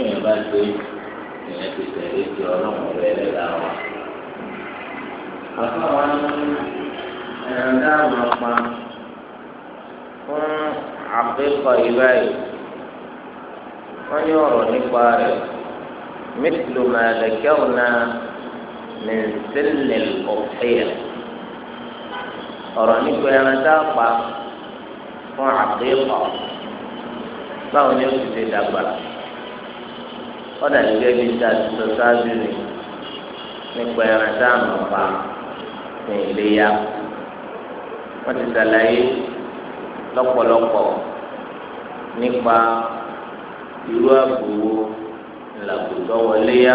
tí èèyàn bá gbé èèyàn ti tẹ̀lé ti ọlọ́run rẹ̀ lẹ́la wa. àfa wa ní ẹran dáhùn ọpa fún àpékọ ìbáyìí wọ́n ní ọ̀rọ̀ nípa rẹ̀ mítìlú màlẹ́kẹ́wò náà ní sílẹ̀ ọ̀fẹ́yà ọ̀rọ̀ nípa ẹran dáhùn fún àpékọ báwo ni ó ti ṣe dàgbà ọ̀dà ní gẹ́gẹ́ bí sọ sáájú ni nípa ẹran tá a mọ̀ pa ní ìléyà wọ́n ti sàlàyé lọ́pọ̀lọpọ̀ nípa irú àgbòwò làgbòtọ́ wọléyà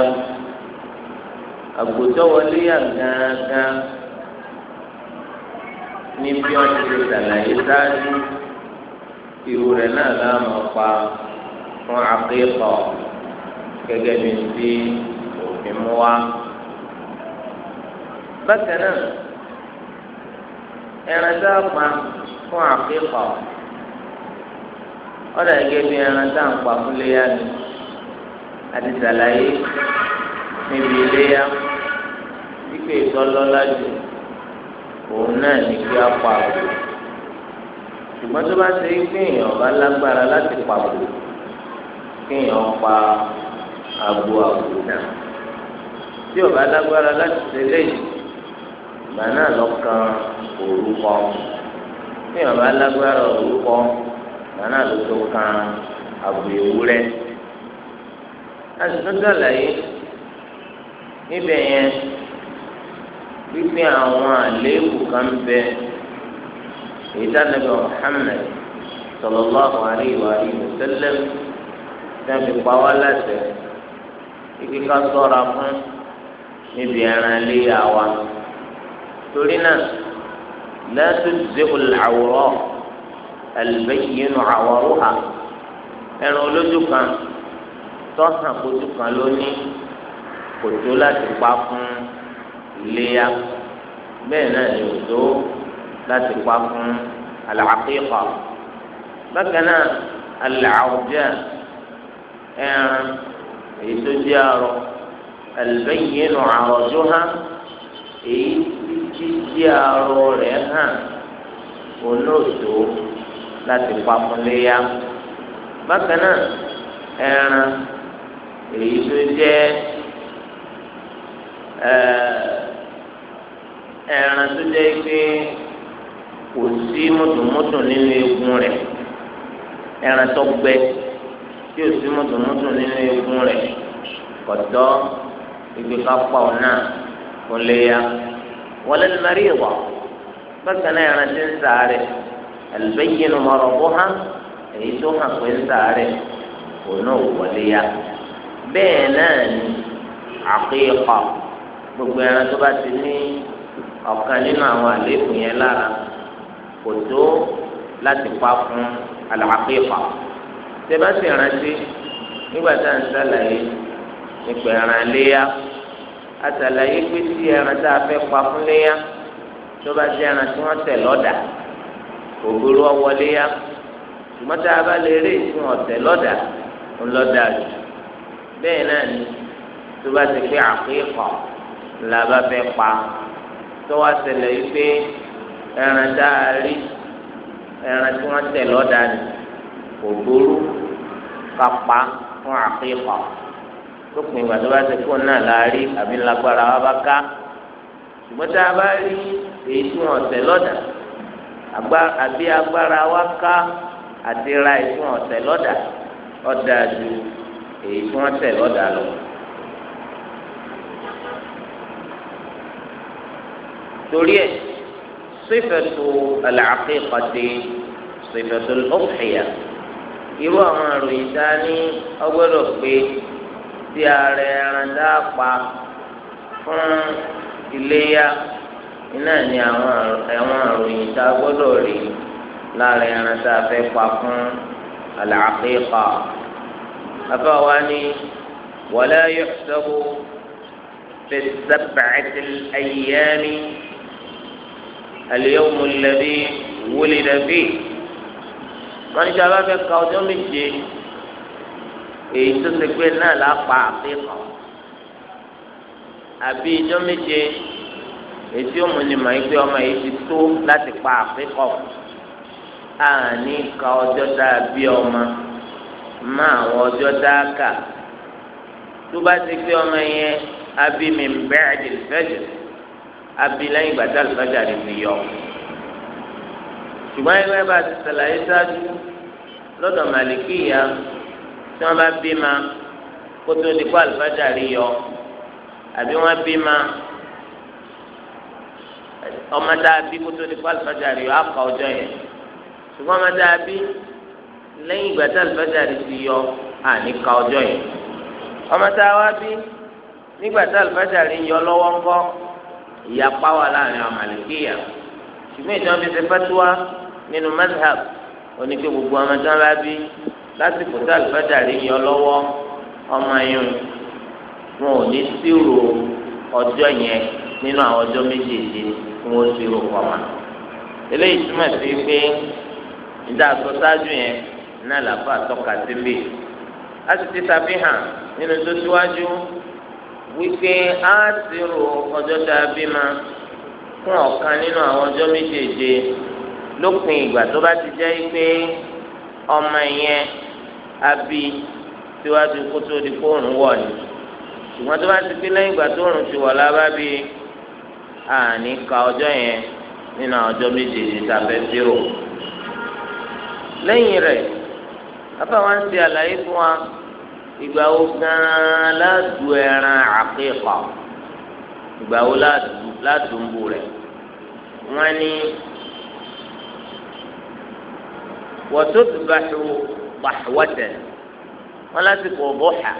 àgbòtọ́ wọléyà gángan ní bí wọ́n ti ṣe sàlàyé sáájú irú rẹ̀ náà láàmú pa fún àkíkọ̀ gẹ́gẹ́ bí ti òfin mú wa. bákan náà ẹran tá a pa fún àkíkà ọ̀dà gẹ́gẹ́ bí ẹran tá a pa fún léyà ni àti sàlàyé níbi léyà wípé ìtọ́lọ́lá jù òun náà ní kí a pa àgbò ṣùgbọ́n tó bá ṣe é pé èèyàn bá lágbára láti pa àgbò kéèyàn pa àgbò abo àbùdá tí o bá lágbára láti tẹ̀lé ìgbà náà lọ́kàn orúkọ tí o bá lágbára orúkọ ìgbà náà ló tó kan àbò ewúrẹ́ asùnwòn sàlàyé níbẹ̀ yẹn wípé àwọn àléébù kan bẹ èyí tánàbí Muhammad sallallahu alaihi wa sallam tẹ́lẹ̀ tẹ́lẹ̀ pa wá láti ẹ̀ ibi ká ṣọ́ra fún níbi ẹran léyà wa torí náà lẹ́sùn zéhùn làwòrán àlùbẹ́yìnú àwòrán ha ẹran olójú kan tọ́sán kojú kan lónìí kò tó láti pa fún léyà bẹ́ẹ̀ náà ni kò tó láti pa fún àlàáfíà bákan náà àlàáfíà ẹran èyí tó jẹ́ àrọ̀ àlùbẹ́yìn nù àrọ̀jú hàn èyí tí jẹ́ àrọ̀ rẹ̀ hàn olóòtú láti pamọ́léyà bákan náà ẹran èyí tó jẹ́ ẹran tó jẹ́ pé kò sí mùtùmùtù nínú eegun rẹ̀ ẹran tó gbẹ tí o sì mùtùmùtù nínú egun rẹ̀ kọ̀tọ́ ibi ká pa ọ̀ náà kò lè ya wọlé mẹ́rí ìwà bákan náà ẹran ti ń sàárẹ̀ àlùbẹ́yìn ní kó hàn èyí tó hàn pé ń sàárẹ̀ kò náà wọlé ya bẹ́ẹ̀ náà ni àkíkà gbogbo ẹran tó bá ti ní ọ̀kan nínú àwọn àlékún yẹn lára kò tó láti pa fún àlàkíkà tẹ́lá sì rántí nígbà tá à ń sàlàyé nípa ẹran léyà àtàlàyé pé tí ẹran tá a fẹ́ pa fún léyà tó bá jẹ́ ẹran tí wọ́n tẹ̀ lọ́dà ògbóró ọwọ́ léyà ṣùgbọ́n tá a bá lè rí ìsìn ọ̀tẹ̀ lọ́dà ńlọ́dà rẹ̀ bẹ́ẹ̀ náà ni tó bá ti pé àpéèkọ̀ la bá fẹ́ pa tó wá ṣẹlẹ̀ yìí pé ẹran tá a rí ẹran tí wọ́n tẹ̀ lọ́dà rẹ̀ kò burú kápá fún àkíkà tó pin ìgbà tó bá ti kó náà láàrí àbí ńlágbára wa bá ká ṣùgbọ́n tá a bá rí èyí tí wọ́n tẹ̀ lọ́dà àbí agbára wa ká àti ra èyí tí wọ́n tẹ̀ lọ́dà ọ̀dà ju èyí tí wọ́n tẹ̀ lọ́dà lọ. torí ẹ sífẹ̀tù al-aqiqati sífẹ̀tù al irú àwọn àròyìn tá a ní ọgbọ́dọ̀ pé tí ààrẹ ẹran dáàpá fún iléyà iná ní àwọn àròyìn tá a rí láàrin ẹran tá pa fún àlàáfíà afáwa ni wala yuhsabu fi sab'ati al-ayyami al-yawm wọn ní sábà fẹ́ ka ọjọ́ méje èyí tó ṣe pé náà là pa àfihàn àbí ọjọ́ méje èyí tí ó mú ni màá gbé ọmọ yìí ti tó láti pa àfihàn àní ka ọjọ́ dáa bí ọmọ má àwọn ọjọ́ dáa kà tó bá ti gbé ọmọ yẹn abí mi bẹ́ẹ̀ di fẹ́jẹ̀ abí lẹ́yìn gbàtà lùfẹ́jà ni mi yọ ṣùgbọ́n ẹgbẹ́ bá ti ṣàlàyé ṣáájú lọ́dọ̀ màlìkíyà tí wọ́n bá bí ma kó tó di kó àlùfáàjà rí yọ àbí wọ́n bí ma ọmọ tá a bí kó tó di kó àlùfáàjà rí yọ á kà ọjọ́ yẹn ṣùgbọ́n ọmọ tá a bí lẹ́yìn ìgbà tí àlùfáàjà rí ti yọ á ní ọjọ́ yẹn ọmọ tá a wá bí nígbà tí àlùfáàjà rí yọ lọ́wọ́ ńkọ́ ìyapa wà láàrin àwọn màlìkíyà ṣùgbọ́n ìjọba ti fẹ́ tó wá. nínú mazhab oníke gbogbo ọmọ tí bi bá bí lásìkò tí alùpàdàrí yọ lọ́wọ́ ọmọ yìí wọn ò ní sírò ọjọ́ yẹn nínú àwọn ọjọ́ méjèèjì tí wọn sírò pọmọ eléyìí túmọ̀ sí pé ìdá àsọsáájú yẹn náà làbá àtọ́ka sílẹ̀ a ma fún ọ̀kan nínú àwọn ọjọ́ méjèèjì. lópin ìgbà tó bá ti jẹ́ pé ọmọ yẹn abi síwájú kó tó di fóònù wọ̀ ni ṣùgbọ́n tó bá ti pé lẹ́yìn ìgbà tó rùn ti wọ̀ lábá bí àní ka ọjọ́ yẹn nínú ọjọ́ méjèèjì tàbí zero lẹ́yìn rẹ̀ bàbá wa ń ṣe àlàyé fún wa ìgbà wo gan-an láàdù ẹran àkíkà ìgbà wo láàdù ń bù rẹ̀ wọ́n ní wọ́tòtùbàṣù pàwọ́tẹ̀ wọn lásìkò bóhà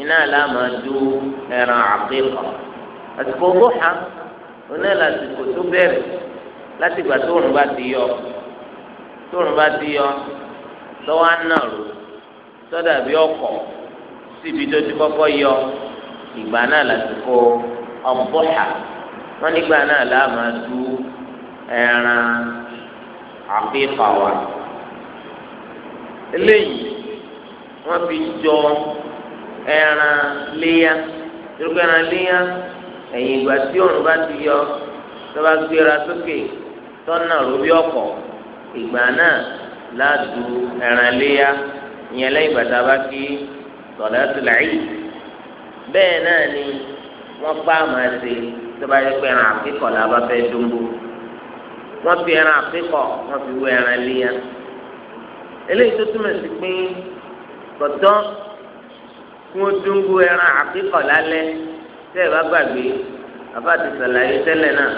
iná làmàdú ẹran àkíkà àsìkò bóhà oná lásìkò tó bẹ̀rẹ̀ látìgbà tóòrùn bá ti yọ tóòrùn bá ti yọ lọ́wọ́ ànàrò sọ́dà bí ọkọ̀ síbi tó ti kọ́kọ́ yọ ìgbà náà lásìkò ọ̀bọ̀hà wọn nígbà náà làmàdú ẹran àkíkà wa. eléyìí wọ́n fi jọ ẹran léyà torí ẹran léyà ẹ̀yìn ìgbà tí òòrùn bá ti yọ tọ́ba gbéra sókè tọ́nà lórí ọkọ̀ ìgbà náà láàdù ẹran léyà ìyẹn lẹ́yìn bàtà bá kí sọ̀dọ̀tì làyè bẹ́ẹ̀ náà ni wọ́n pa àmọ́ ẹsẹ̀ tọ́ba yẹ pé ẹran eléyìí tó túmọ̀ sí pé kọ̀tọ́ kí wọ́n dúngbò ẹran àkíkọ̀ lálẹ́ tẹ́ ẹ bá gbàgbé bàbá ti sàlàyé tẹ́lẹ̀ náà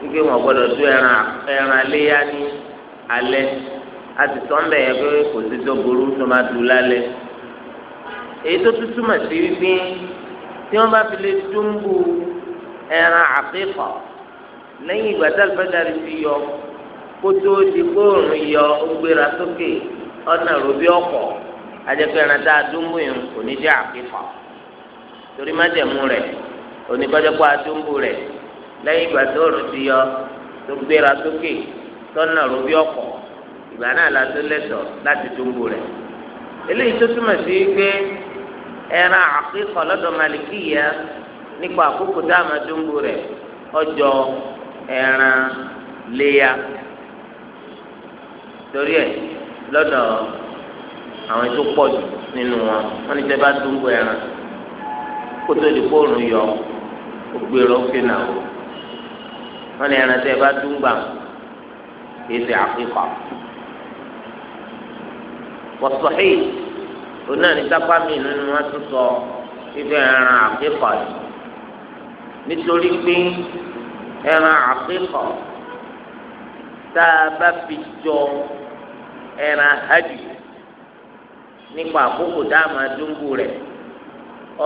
wípé wọ́n gbọ́dọ̀ dún ẹran ẹran léyà ní alẹ́ a ti sọ ń bẹ̀ yẹn pé kò sí tó burú tó máa dùn lálẹ́ èyí tó tún túmọ̀ sí wípé tí wọ́n bá fi lè dúngbò ẹran àkíkọ̀ lẹ́yìn ìgbà tá a fẹ́ darí fi yọ kótó di kóòrùn yọ ó gbéra sókè. ọ̀nà ròbí ọ̀pọ̀ ajẹ́pẹ́ ẹran tá a dún mú yìí kò jẹ́ àkíkọ̀ torí rẹ̀ rẹ̀ lẹ́yìn ìgbà tó rò ti yọ tó gbéra sókè tọ́nà ìgbà náà la tó láti dúmbò rẹ̀ eléyìí tó túmọ̀ sí pé ẹran àkíkọ̀ lọ́dọ̀ nípa àkókò tá a máa rẹ̀ ọjọ́ lọ́dọ̀ àwọn tó pọ̀ jù nínú wọn wọ́n ní tẹ́ bá dúró ẹran kó tó di fóònù yọ ògbé rọ́ọ̀kì e náà wọ́n ní ẹran tẹ́ bá dúró gbà kìí ṣe àkíkà. wọ́sọ̀hí onáà ní sápá mi nínú wọn tún sọ fífẹ́ ẹran àkíkà yìí nítorí pé ẹran àkíkà tá a bá fi jọ. ẹran hajj nípa àkókò tá a máa dúnbù rẹ̀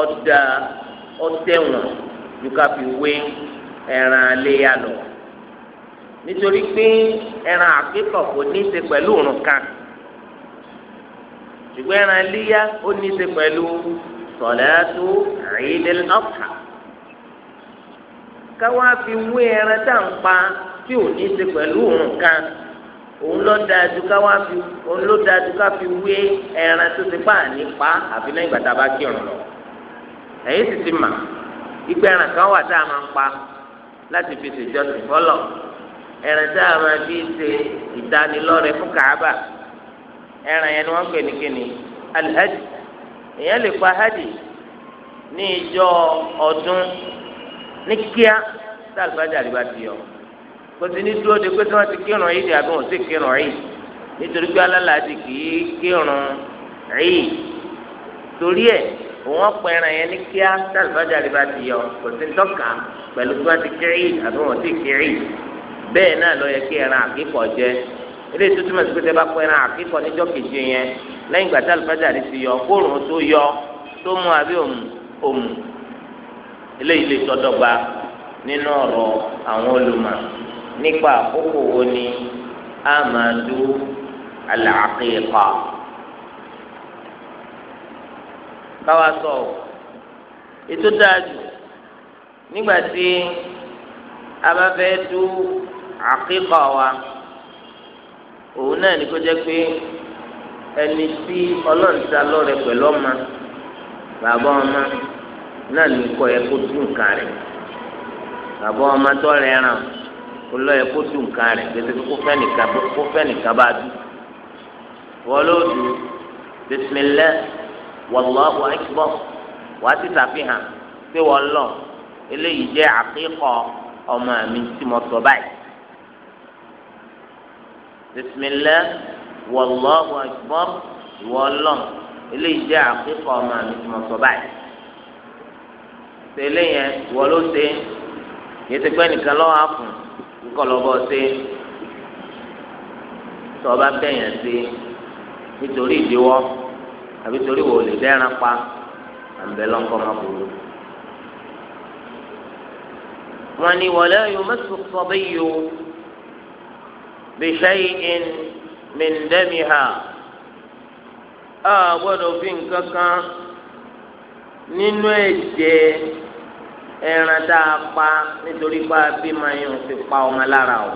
ọ̀dà ọ̀tẹ̀wọ̀n dùkà fi wé ẹran aléyà lọ nítorí pé ẹran àkíkọ̀ kò ní í ṣe pẹ̀lú òrùn kan ṣùgbọ́n ẹran aléyà ó ní í ṣe káwá fi wé ẹran tá à ń pa tí ò ní òun ló da wá fi òun ló da fi wé ẹran tó ti pa nípa àfi lẹ́yìn gbàtà bá kírun lọ sì ti mà ìgbà ẹran kan wà tá a máa ń pa láti fi ṣèjọsìn fọlọ ẹran tá a máa fi ṣe ìdánilọ́rẹ fún kàába ẹran yẹn ni wọ́n pè ní kíni kò sí ní dúró de pé tí wọ́n ti kírun yìí dì àbí wọ́n ti kírun yìí nítorí pé alálàájì kì í kírun yìí torí ẹ̀ òun ọ̀pọ̀ ẹran yẹn ní kíá tàlùfájà rẹ̀ bá ti yọ kò sí tọ́ka pẹ̀lú tí wọ́n ti kí yìí àbí wọ́n ti kí yìí bẹ́ẹ̀ náà ló yẹ kí ẹran àkíkọ̀ jẹ ilé tuntun mọ̀ sí pé tẹ́ bá pọ̀ àkíkọ̀ níjọ́ keje yẹn lẹ́yìn ìgbà tàlùfájà rẹ̀ ti yọ kóòrùn tó yọ tó mú àbí òmù òmù eléyìí lè tọ́dọ̀gba nínú ọ̀rọ̀ àwọn olùmọ̀ nípa àkókò wo ni a máa du àlàáfíà báwa sọ ètò dáadù nígbà tí a bá fẹ́ du àkíkà wa òun náà ní kó jẹ́ pé ẹni tí ọlọ́ọ̀ta lọ́rẹ̀ pẹ̀lú ọmọ bàbá ọmọ náà ní kọ́ ẹ kó tún nǹkan bàbá ọmọ tó rẹ̀ ràn olóyè kó tu nǹkan rẹ̀ gbèsè kó fẹ́ nìkan kó fẹ́ nìkan bá dùn wọ́n ló dùn bisimilẹ wàlláhu akibọ wàá ti sàfihàn pé wọ́n lọ eléyìí jẹ́ àkíkọ ọmọ mi tí mo sọ báyìí bisimilẹ wàlláhu akibọ wọ́n lọ eléyìí jẹ́ àkíkọ ọmọ mi tí mo sọ báyìí tẹ́lẹ̀ yẹn wọ́n ló ṣe yẹtẹgbẹ́ nìkan lọ́wọ́ á ńkọlọ́bọ sí tọ́ba bẹ̀yàn sí nítorí ìdíwọ́ àbí torí wò lè dẹ́ran pa àǹbẹ̀lọ́ ńkọ́ máa burú. wọ́n ní wọlé yóò mẹ́sù sọ́bí yóò bìṣẹ́yìn mìndẹ́mìhà a gbọ́dọ̀ fi nǹkan kan nínú ẹ̀jẹ̀ ẹran tá a pa nítorí pa bí máa yàn fi pa ọmọ lára o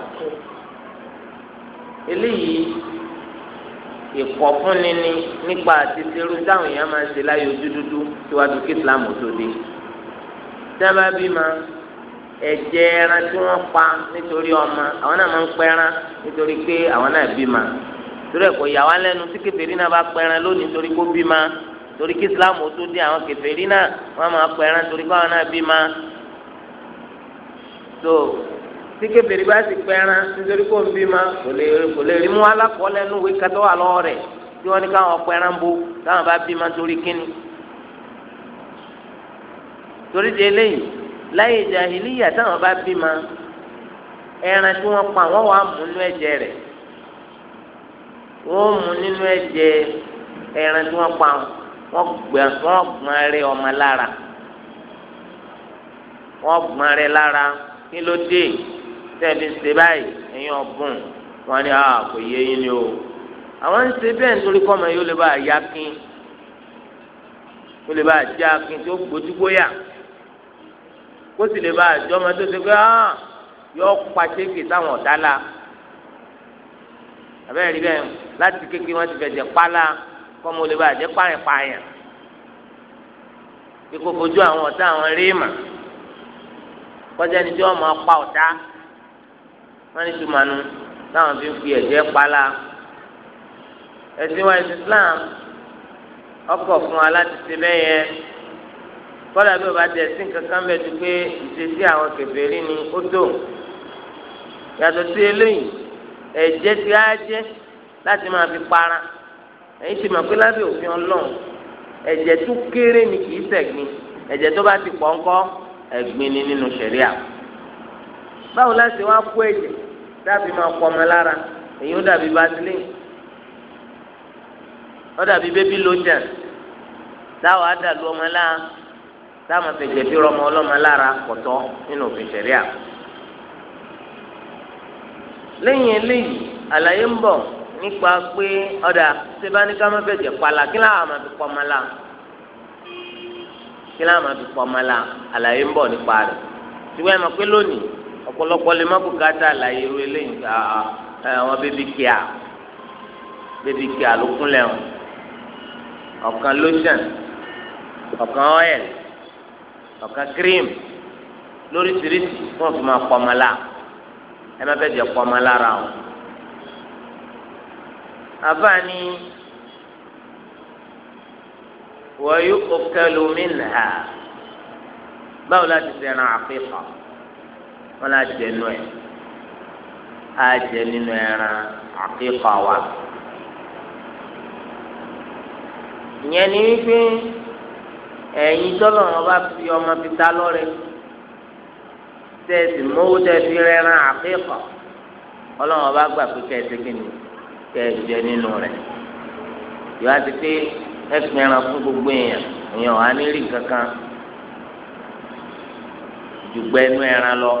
eléyìí ìkọ̀fúnni ni nípa àti serú táwọn èèyàn máa ń ṣe láyé ojú dúdú síwájú kí Islam tó dé sábà bímọ ẹ̀jẹ̀ ẹran tí wọ́n pa nítorí ọmọ àwọn náà máa ń pẹran nítorí pé àwọn náà bímọ torí ẹ̀kọ́ ìyàwó alẹ́nu tí kébèrè náà bá pẹran lónìí nítorí kó bímọ torí kí islam ó tó dé àwọn kèfèrí náà wọ́n máa pẹ ẹran torí káwọn náà bí ma so tí kèfèrí bá sì pẹ ẹran nítorí kó ń bí ma kò lè kò lè rí mú alákọọlẹ nù wí kátó wà lọ́wọ́ rẹ̀ tí wọ́n ní káwọn pẹ ẹran bo káwọn bá bí ma torí kíni torí di eléyìí láyé jàhílíyà táwọn bá bí ma ẹran tí wọ́n pa wọ́n wà mú nínú ẹ̀jẹ̀ rẹ̀ wọ́n mú nínú ẹ̀jẹ̀ ẹran tí wọ́n pa wọn wọ́n gbọ́n gbọ́n rẹ ọmọ lára wọ́n gbọ́n rẹ lára kí ló dé tẹbi ṣe báyìí ẹ̀yin ọgbọ́n wọ́n ní ah, kò yé yín ni o àwọn ń ṣe bẹ́ẹ̀ nítorí kọ́mọ yóò lè bá a yá kín kó lè bá a já kín tó gbójúgbóyà kó sì lè bá a jọ ọmọ tó ṣe pé hàn ah, yọ pàṣẹkì sáwọn ọ̀dá la àbẹ́rẹ́ rí bẹ́ẹ̀ láti kékeré wọ́n ti fẹ̀jẹ̀ pa la kọ́mọ lè bá àjẹ́ pààyàn pààyàn kíkó fojú àwọn ọ̀tá àwọn rímà kọjá ni tí wọ́n máa pa ọ̀tá wọ́n ní tùmánú táwọn fi ń fi ẹ̀jẹ̀ pala ẹ̀sìn wa Islam ọkọ̀ fún wa láti ṣe bẹ́ẹ̀ yẹn kọ́lá bí o bá tẹ̀ sí kankan bẹ́ẹ̀ tó pé ìṣesí àwọn kèfèrí ni ó tó yàtọ̀ sí eléyìí ẹ̀jẹ̀ ti á jẹ́ láti máa fi para ẹ̀yin ti mọ̀ pé lábẹ́ òfin ọlọ́run ẹ̀jẹ̀ tó kéré ni kì í ṣẹ̀gbin ẹ̀jẹ̀ tó bá ti pọ̀ ńkọ́ ni nínú ṣẹ̀ríà báwo láti wá kó ẹ̀jẹ̀ dàbí máa pọ̀ ọmọ lára èyí ó dàbí basilé ó dàbí bébí lójà táwọn àdàlú ọmọ lára táwọn afẹ̀jẹ̀ fi rọmọ ọlọ́mọ lára kọ̀tọ́ nínú òfin ṣẹ̀ríà lẹ́yìn eléyìí àlàyé ń bọ̀ nípa pé ọ̀dà ṣe bá ní ká má bẹ̀jẹ̀ pala kí láwọn àmà fi pọ̀ mọ́lá kí láwọn àmà fi pọ̀ mọ́lá àlàyé ń bọ̀ nípa rẹ̀ tiwọ́ ẹ̀ mọ̀ pé lónìí ọ̀pọ̀lọpọ̀ lè má bùkátà àlàyé irú eléyìí àwọn bébí kíá bébí kíá ló kúnlẹ̀ wọn ọ̀kan lotion ọ̀kan oil ọ̀kan cream lóríṣiríṣi fún ọ̀fun máa pọ̀ mọ́lá ẹ má bẹ̀jẹ̀ pọ̀ mọ́lá ra wọn àbáni wọ́yú ọ̀kẹ́lómìnà báwo láti sẹ́ran àfihàn wọn láti dẹnu ẹ̀ á jẹ nínú ẹran àfihàn wa. ìyẹn ni wípé ẹ̀yin tọ́lọ̀ wọn bá fi ọmọ fi ta lọ́rẹ̀ tẹ̀sí mọ́wó tẹ̀sí rẹ̀ran àfihàn ọlọ́wọ́n bá gbà pé kẹ́sì kìnìún kẹ́ ẹ jẹ nínú rẹ̀ yóò á ti pé ẹ fi ẹran fún gbogbo èèyàn èèyàn á ní rí kankan dùgbẹ́ inú ẹran lọ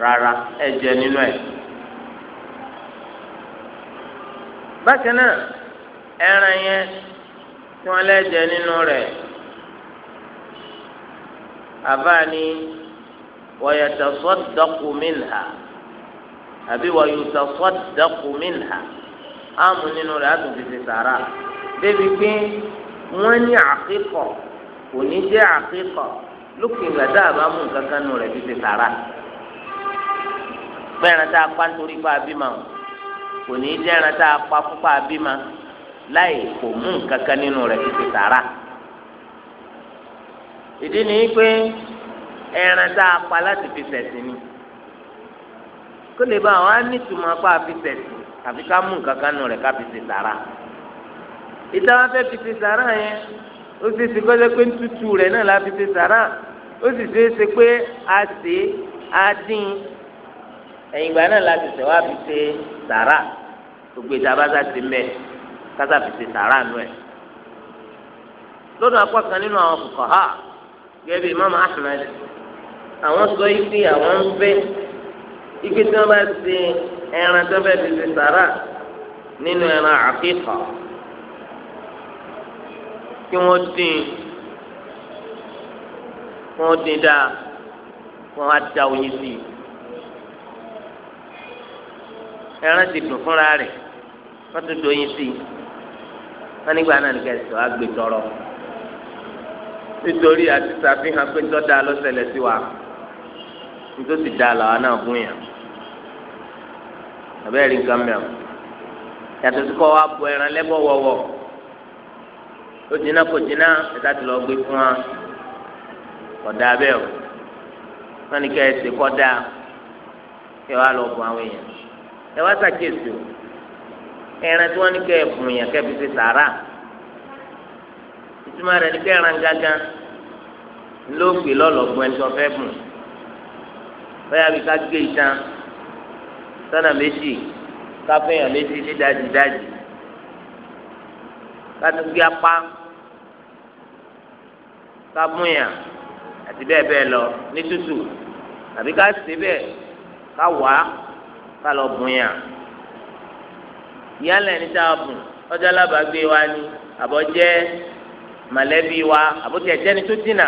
rárá ẹ nínú ẹ̀. bákan náà ẹran yẹn tí wọ́n lẹ́jẹ̀ nínú rẹ̀ àbá ni wọ́yẹ̀tọ̀ sọ́dọ̀kù mìíràn àbí wà yòòtà sọ́dàkùmínà áàmù nínú rẹ̀ àtúntìtì sàrà débi pé wọ́n ní àkíkọ̀ kò ní jẹ́ àkíkọ̀ lókè ìgbà tá a bá mú nǹkan kan nù rẹ̀ títí sàrà pẹ́ẹ́rán tá a pa nítorí pa bímọ kò ní jẹ́ ẹran tá a pa fúnpa bímọ láì kò mú nǹkan kan nínú rẹ̀ títí sàrà ìdí ni pé ẹran tá a pa láti fi ṣẹ̀sìn ni kó lè bá àwọn anìtumọ̀ apá àfisẹ̀ àfi ká mú nǹkan kan nù rẹ̀ ká fi ṣe sàrà ìta wọn fẹ́ fi ṣe sàrà yẹn ó sì ṣe kọ́jọ́ pé ntutù rẹ̀ náà la fi ṣe sàrà ó sì ṣe é ṣe pé a ṣe á dín ẹ̀yìn ìgbà náà la fi ṣe wá fi ṣe sàrà gbogbo ìta bá sá ti mẹ́ kásá fi ṣe sàrà nù ẹ̀ lọ́dọ̀ apá kan nínú àwọn kòkòrò gẹ́gẹ́ bí Imam Ahmed àwọn sọ yìí pé àwọn ń fẹ́ ike tí wọn bá ti ẹran tó fẹ́ fi ti sàrà nínú ẹran àkíkà kí wọ́n dín wọ́n dín dáa wọ́n á da oyin sí i ẹran ti dùn fúnra rẹ̀ wọ́n tún doyin sí i wọ́n nígbà náà nìkan ẹ̀sọ́ agbètọ́rọ̀ nítorí àti ṣàfihàn pé tọ́ da lọ́sẹ̀lẹ̀ sí wa nítorí ti da làwa náà gún yàn abẹ́rẹ́ nǹkan mẹ́rin yàtọ̀ sí kọ́ wa bọ ẹran lẹ́bọ̀ wọ̀wọ̀ ó jiná kò jiná ẹ̀ta ti lọ gbé fún wa ọ̀dà abẹ́ o wọ́n ní kẹ́ ẹ ṣe kọ́ dáa kẹ́ wàá lọ bọ àwọn èèyàn ẹ wá ṣàkíyèsí o ẹran tí wọ́n ní kẹ́ ẹ bùn èèyàn kẹ́ ẹ fi ṣe sàárà ìtumọ̀ rẹ̀ ní kẹ́ ẹran gángan ló gbé lọ́lọ́gbọ́n ẹni tó fẹ́ bùn bẹ́ẹ̀ àbí ká gé ìtàn sọ́nà méjì káfíńyàn méjì ní dájúdájú kátó gbé apá kámúyàn àti bẹ́ẹ̀ bẹ́ẹ̀ lọ ní tútù àbí ká sí bẹ́ẹ̀ ká wá ká lọ bùnyàn yálẹ̀ ní tá a bùn ọjọ́ alábàágbé wa ni àbọ̀jẹ́ mọ̀lẹ́bí wa àbótiẹ̀ jẹ́ni tó dínà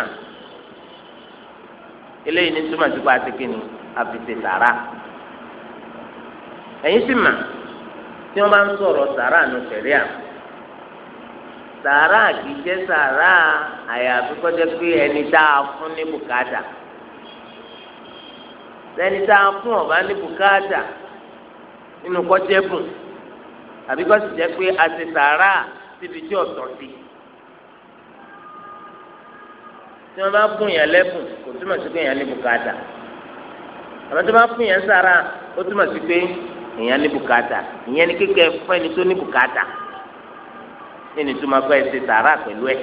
eléyìí ní túmọ̀ sí pa àti kìnnì àfìsè sàrà. ẹ̀yin sì mà tí wọ́n bá ń sọ̀rọ̀ sàrà nù sẹ̀ríà sàrà kì í sàrà àyàfi kọjá a fún ní bùkátà lẹ́ni tá a fún ọ̀bá ní bùkátà nínú kọjá bùn àbí kọ́ sì a ti sàrà síbi tí ọ̀tọ̀ ti tí wọ́n bá bùn yẹn lẹ́bùn kò túmọ̀ sí pé yẹn ní bùkátà àmọ́ tí bá bùn yẹn sàrà ó túmọ̀ sí èèyàn ní bùkátà ìyẹn ní kékeré fún ẹni tó ní bùkátà ẹni tó máa fẹ́ ṣe sàárà pẹ̀lú ẹ̀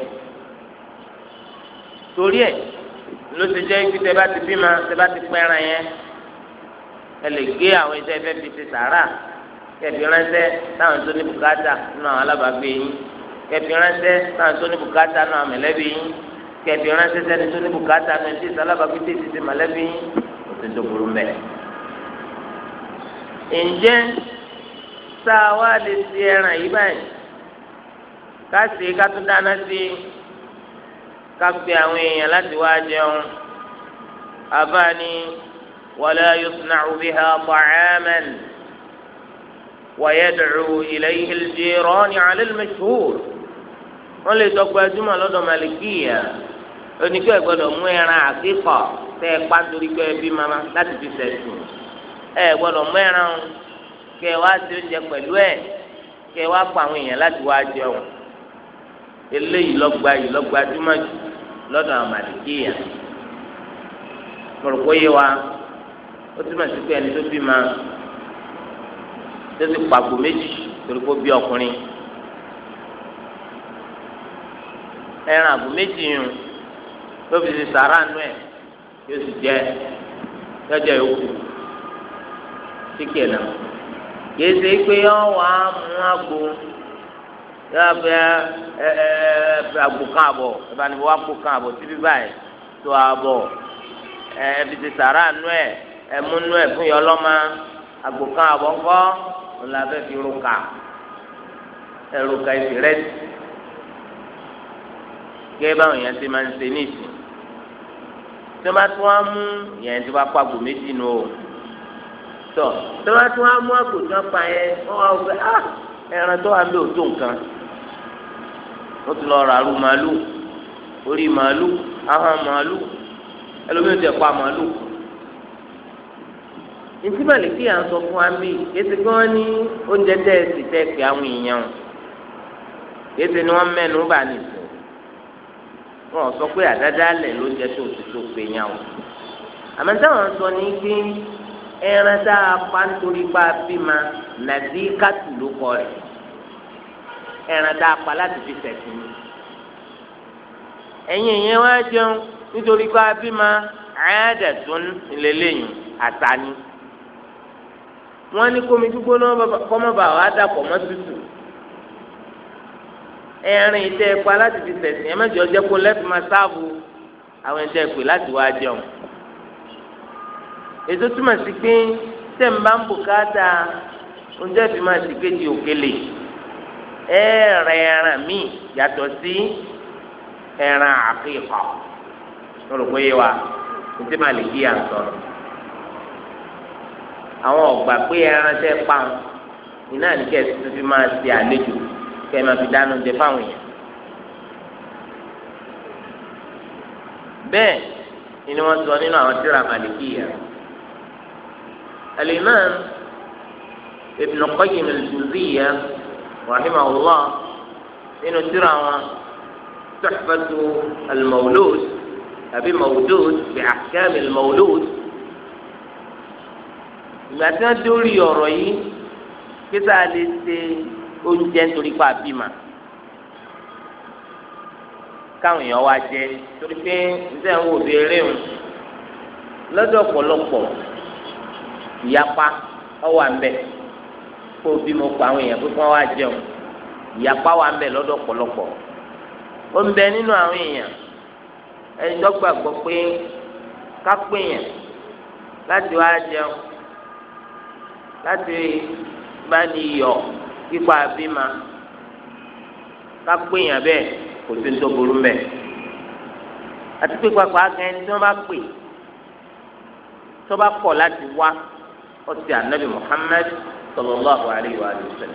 torí ẹ̀ ló ti jẹ́ ibi tẹ́ bá ti bímọ tẹ́ bá ti pẹ́ran yẹn ẹ lè gé àwọn iṣẹ́ fẹ́ fi ṣe sàárà kẹfì ránṣẹ́ táwọn tó ní bùkátà nínú àwọn alábàágbé yín kẹfì ránṣẹ́ táwọn tó ní bùkátà nínú àwọn yín kẹfì ránṣẹ́ sẹ́ni tó ní bùkátà nínú ẹtí sálábàágbé tètè ṣe mẹ̀lẹ́bí yín òtítọ́ burú mẹ́rin. ǹjẹ́ tá a wá lè ṣe ẹran yìí báyìí ká sì ká tún dáná sí ká pe àwọn èèyàn láti wá jẹun àbá ni wala yusna'u biha ta'aman wa yad'u ilayhi 'ala al-mashhur wọ́n lè dọ́gba ẹdúmọ̀ lọ́dọ̀ malikiya oníkẹ́ gbọ́dọ̀ mú ẹran àkíkọ̀ tẹ́ ẹ pa pé ẹbí mama láti fi ẹ gbọ́dọ̀ mẹran kẹ wá sí oúnjẹ pẹ̀lú ẹ kẹ wá pa àwọn èèyàn láti wá jẹun eléyìí lọgba yìí lọgba dúmọjù lọ́dọ̀ àmàlìkíyà mọlòkó yé wa ó túmọ̀ sí pé ẹni tó bí ma tó ti pàgò méjì torí kó bí ọkùnrin ẹran àgò méjì yìí ló fi ti sàrà nù ẹ yóò sì jẹ yọjọ yòókù síkè náà yìí ṣe pé yọ wà á mú àgbo yóò fẹ ẹ ẹ àgbo kan àbọ ìbánibọ wà àgbo kan àbọ síbí báyìí tó àbọ ẹ ẹ fi ti sàrà nú ẹ ẹ mú nú ẹ fún yọlọmọ àgbo kan àbọ ńkọ ńlá fẹ fi ruka ẹ ruka rẹ ti gẹ́gẹ́ báwọn yẹn ti máa ń ṣe ní ìsìn tí wọ́n bá tún wá mú yẹn ti wá pàgò méjì nù o tọ tọ́lá tí wọ́n á mú àgùntàn apá yẹn wọ́n á wọ́n á ẹran tó wà ń bẹ òtó nǹkan wọ́n ti lọ rà arú màálù orí màálù ahọ́n màálù ẹlòmíràn ti ẹ̀kọ́ àmàálù. ntí màlìkì à ń sọ fún wa bí ètò kí wọ́n ní oúnjẹ tẹ́ ẹ sì tẹ́ pé àwọn èèyàn ètò ni wọ́n mẹ́nu bà ní ìsìn wọ́n sọ pé àdáda lẹ̀ lóúnjẹ tó ti tó pé yàn o àmọ́ táwọn sọ ní pé ẹran tá a pa nítorí pa bímọ nàdí kàtù ló kọ rẹ̀ ẹran tá a pa láti fi sẹ̀sìn ni ẹ̀yin ìyẹn wá jẹun nítorí pa bímọ àádẹ́tún lélẹ́yìn àtàní wọ́n ní kómi gbígbóná kọ́mọ́bà wà á mọ́ tútù ẹ̀rin ìtẹ́ ẹ̀pa láti fi sẹ̀sìn ẹ̀ mẹ́jọ jẹ́ kó lẹ́fì sáàbù àwọn ìtẹ́ ẹ̀pẹ́ láti wá jẹun ètò túmọ̀ sí pé tẹ̀ ń bá ń bùkátà oúnjẹ fi máa ti kéde òkèlè ẹ̀ẹ̀rẹ̀ ẹran míì yàtọ̀ sí ẹran àkíkà lọ́rùkọ́ yé wa ètò máa lè kí à ń sọ̀rọ̀ àwọn ọ̀gbà pé ẹran tẹ́ pa wọn iná ní tó fi máa ṣe àlejò kẹ́ máa fi dáná oúnjẹ fáwọn èèyàn. bẹ́ẹ̀ ni wọ́n sọ nínú àwọn tíra màlìkì yẹn alimam ibn qayyim al-juziyya rahimahullah nínú tírà wọn tuhfatu al-mawlud àbí mawlud bi ahkam al-mawlud ìgbà tí wọn dórí ọ̀rọ̀ yìí kí sáà lè ṣe oúnjẹ nítorí pa bímọ káwọn èèyàn wá jẹ torí pé ǹjẹ́ ń wò bí eré ń lọ́dọ̀ ọ̀pọ̀lọpọ̀ ìyapa ọwà ń bẹ kó bí mo pa àwọn èèyàn pé kí wọn wá jẹun ìyapa wà ń bẹ lọ́dọ̀ pọ̀lọpọ̀ ó ń bẹ nínú àwọn èèyàn ẹni tó gbàgbọ́ pé kápẹ́yàn láti wá jẹun láti bá ní yọ pípa bímọ kápẹ́yàn bẹ́ẹ̀ kò sí tó burú mbẹ àti pé pàpà kan ẹni tí wọ́n bá pè tó bá kọ̀ láti wá ó ti ànábì Muhammad sallallahu alayhi wa sallam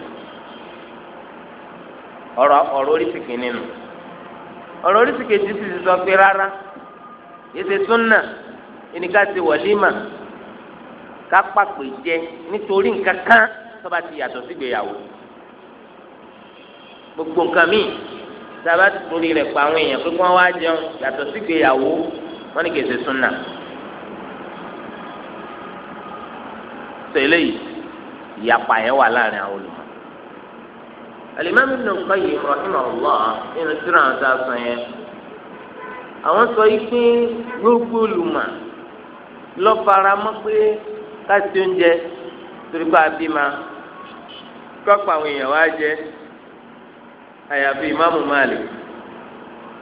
ọ̀rọ̀ ọ̀rọ̀ oríṣi kìíní nù ọ̀rọ̀ oríṣi kejì sì ti sọ pé rárá yẹsẹ súnà ẹnìkan ti wàlímà ká pàpè jẹ nítorí nǹkan kan tó bá ti yàtọ̀ sígbéyàwó gbogbo nǹkan sábà torí rẹ̀ pa àwọn èèyàn pé wá jẹun yàtọ̀ sígbéyàwó wọ́n ní kèsè súnà. sọ eléyìí ìyapa yẹn wà láàrin àwọn olùmọ̀. Al-Imam Ibn Qayyim rahimahullah nínú tírà àwọn tá a sọ yẹn àwọn sọ yìí gbogbo olùmọ̀ pé ká oúnjẹ torí ma kọ́pọ̀ àwọn èèyàn wá jẹ àyàfi ìmáàmù Malik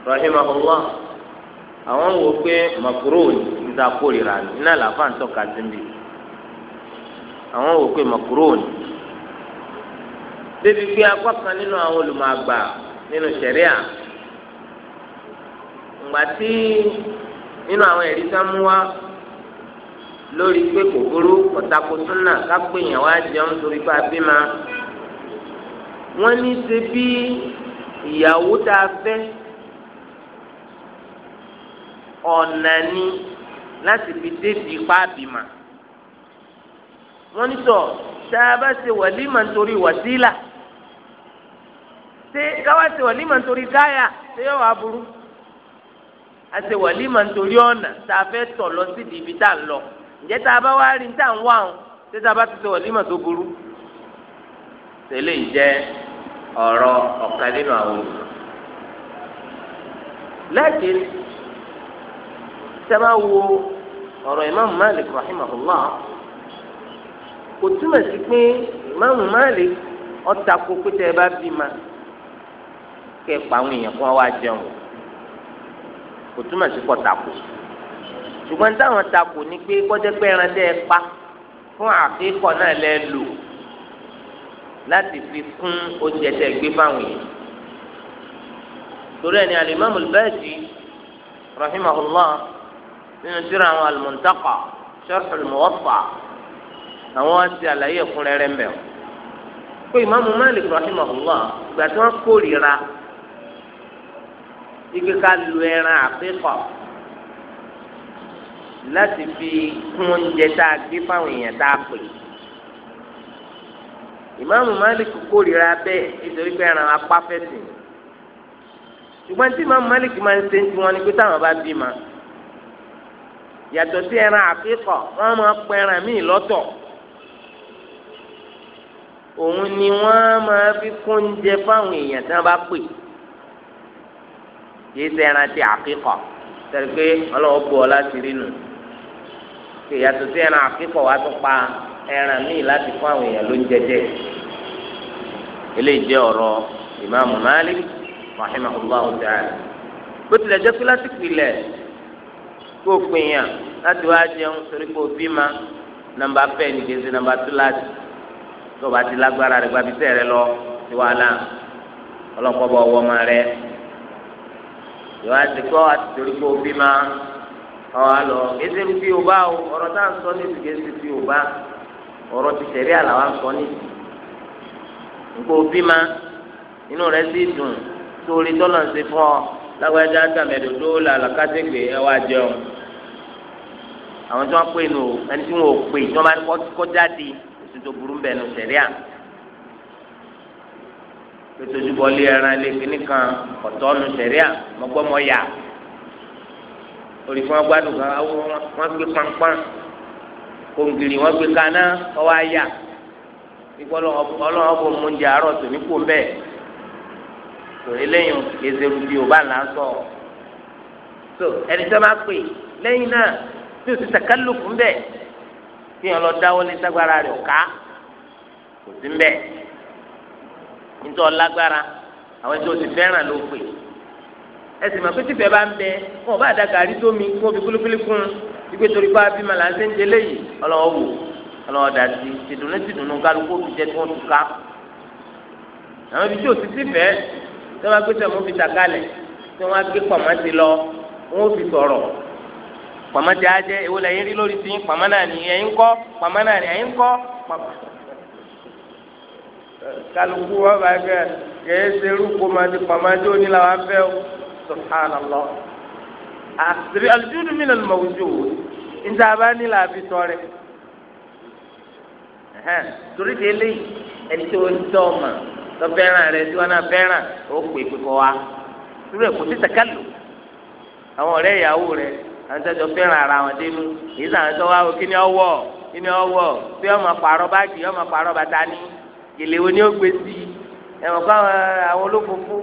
rahimahullah àwọn wò pé màkúrò ní ní iná ń àwọn wò pé ni débi pé apá kan nínú àwọn olùmọ̀àgbà nínú ṣẹ̀ríà ǹgbà tí nínú àwọn ẹ̀rí sámú wa lórí pé kòkòrò ọ̀takùtúnà kápẹ́yìn wa jẹun torí pé abímá wọ́n ní ṣe bí ìyàwó tá a fẹ́ ọ̀nà ni láti fi débi ipá abímá wọ́n ní sọ tá a bá ṣe wàlímà nítorí wàsílà ṣé káwá ṣe wàlímà nítorí gáyà ṣé yóò wá burú a ṣe wàlímà nítorí ọ̀nà tá a fẹ́ tọ̀ lọ sí ibi tá a ń lọ ǹjẹ́ tá a bá wá rí tá a ń wá wọn ṣé tá a bá ti ṣe wàlímà tó burú tẹ́lẹ̀ jẹ́ ọ̀rọ̀ ọ̀kan nínú àwọn olùkọ́ lẹ́kìn tẹ́ wo ọ̀rọ̀ Imam Malik rahimahullah kò túmọ̀ sí pé ìmáàmù Málik ọ̀tà kó pété ẹ bá bí ma kẹ́ ẹ pa àwọn èèyàn kó wá jẹun kò túmọ̀ sí kọ́ tako ṣùgbọ́n táwọn tako ni pé kọ́jẹ́pẹ́ ẹran tẹ́ ẹ pa fún àfikọ́ náà lẹ́ lò láti fi kún oúnjẹ tẹ́ gbé fáwọn èèyàn torí ẹni alimami al-Baji nínú tírà àwọn al-Muntaqa sharh àwọn wá sí àlàyé ẹ̀kúnrẹ́rẹ́ mbẹ o pé ìmáàmù Malik rahimahullah ìgbà tí wọn kórìíra ike ká lu ẹran àpékọ láti fi kún oúnjẹ tá a gbé fáwọn èèyàn tá a pè ìmáàmù Malik kórìíra bẹ́ẹ̀ nítorí pé ẹran apá ṣùgbọ́n tí ìmáàmù Malik máa ń ṣe ń tiwọn ni pé táwọn bá bí ma yàtọ̀ sí ẹran àpékọ wọn máa pẹ ẹran míì lọ́tọ̀ òun ni wọ́n máa fi kóúnjẹ fáwọn èèyàn tí wọ́n bá pè yìí ṣe ẹran ti àkíkọ̀ tẹ̀lé pé ọlọ́wọ́ bọ̀ ọ́ láti rí nù ìyàtọ̀ sí ẹran àkíkọ̀ wa tún pa ẹran míì láti fún àwọn èèyàn ló ń jẹjẹ eléyìí jẹ́ ọ̀rọ̀ ìmáàmù Malik rahimahullah ta'ala bó tilẹ̀ jẹ́ pé láti pilẹ̀ kó o pè láti wá jẹun torí kó o bí ma nàmbà bẹ́ẹ̀ nìkejì nàmbà tó láti tó bá ti lágbára rẹ gbàbí sẹ rẹ lọ sí wàhálà ọlọ́pàá bọ ọwọ́ ọmọ rẹ ìwà ti kọ àti torí pé òbí ma ọ alọ ẹsẹ ti o bá o ọ̀rọ̀ tá à ń sọ ní ìdíje ẹsẹ ti o bá ọ̀rọ̀ ti tẹ̀lé àlàwà ń sọ ní ìdí nǹkan ma inú rẹ sì dùn torí tọ́lọ̀ ń ṣe fún ọ lágbájá tàmẹ̀dòdó làlàkàtẹ́gbè ẹ wá jẹun àwọn tí wọ́n pè nù ẹni tí wọ́n ò pè tí wọ́n bá kọ́ jáde sí tó burú bẹ́ẹ̀ nù sẹ̀ríà pétojúbọlé ẹran lé kíní kan ọ̀tọ̀ nù sẹ̀ríà mọ́gbọ́mọ́yà olùfọ́n agbádùn kan wọ́n gbé pánpán kòǹgìrì wọ́n gbé kaná ọwọ́ àyà ikú ọlọ́run ọ̀bọ̀ mọ́jà àárọ̀ tó ní kò bẹ́ẹ̀ tòun lẹ́yìn ezeru ò bá là ń sọ so ẹni tó máa pè lẹ́yìn náà tí ti sàkálù fún bẹ́ẹ̀ kéèyàn lọ dáwọ́ lé sagbara rẹ̀ ká kò sí mbẹ nítorí lágbára àwọn tí o ti fẹ́ràn ló pè ẹsìn máa pété fẹ́ bá ń bẹ wọn bá da gàrí sómi kó fi kúlíkúlí kún ìgbé torí pa bí màlá ṣe ń délé yìí ọlọ́wọ́ wò ọlọ́wọ́ dà sí tìdùnnú tìdùnnú kálukú fi jẹ́ tí wọ́n tún ká àwọn ibi tí o ti ti fẹ́ tí wọ́n bá pété wọn fi tàkálẹ̀ tí wọ́n á gé pàmò àti lọ wọ́n fi sọ̀rọ̀ pàmò tí a jẹ èwo lẹ́yìn rí lórí sí pàmò náà ní ẹ̀yin kọ́ pàmò náà ní ẹ̀yin kọ́ pàmò. kálukú wọn bá kẹ kẹyẹ serú kòmọdé pàmò tí ó ní la wà fẹ o subhanallah. àṣírí alùjúdù mi nà lùmọ̀ ojú o níta bá ní la fi tọrẹ. torí ti ẹni tí ó ń tọ́ ọmọ tó fẹ́ràn rẹ tí wọ́n náà fẹ́ràn ó pè é pé kọ́ wa. torí kò sí sàkálù àwọn ọ̀rẹ́ ìyàwó rẹ̀ àtẹjọ fẹ́ràn ara wọn dénú èyí sàn tó wá kí ni ọwọ́ kí ni ọwọ́ bí ọmọ pààrọ̀ báàgì ọmọ pààrọ̀ bàtà ni gèlè wo ni ó gbé sí ẹwọn kọ àwọn olófófó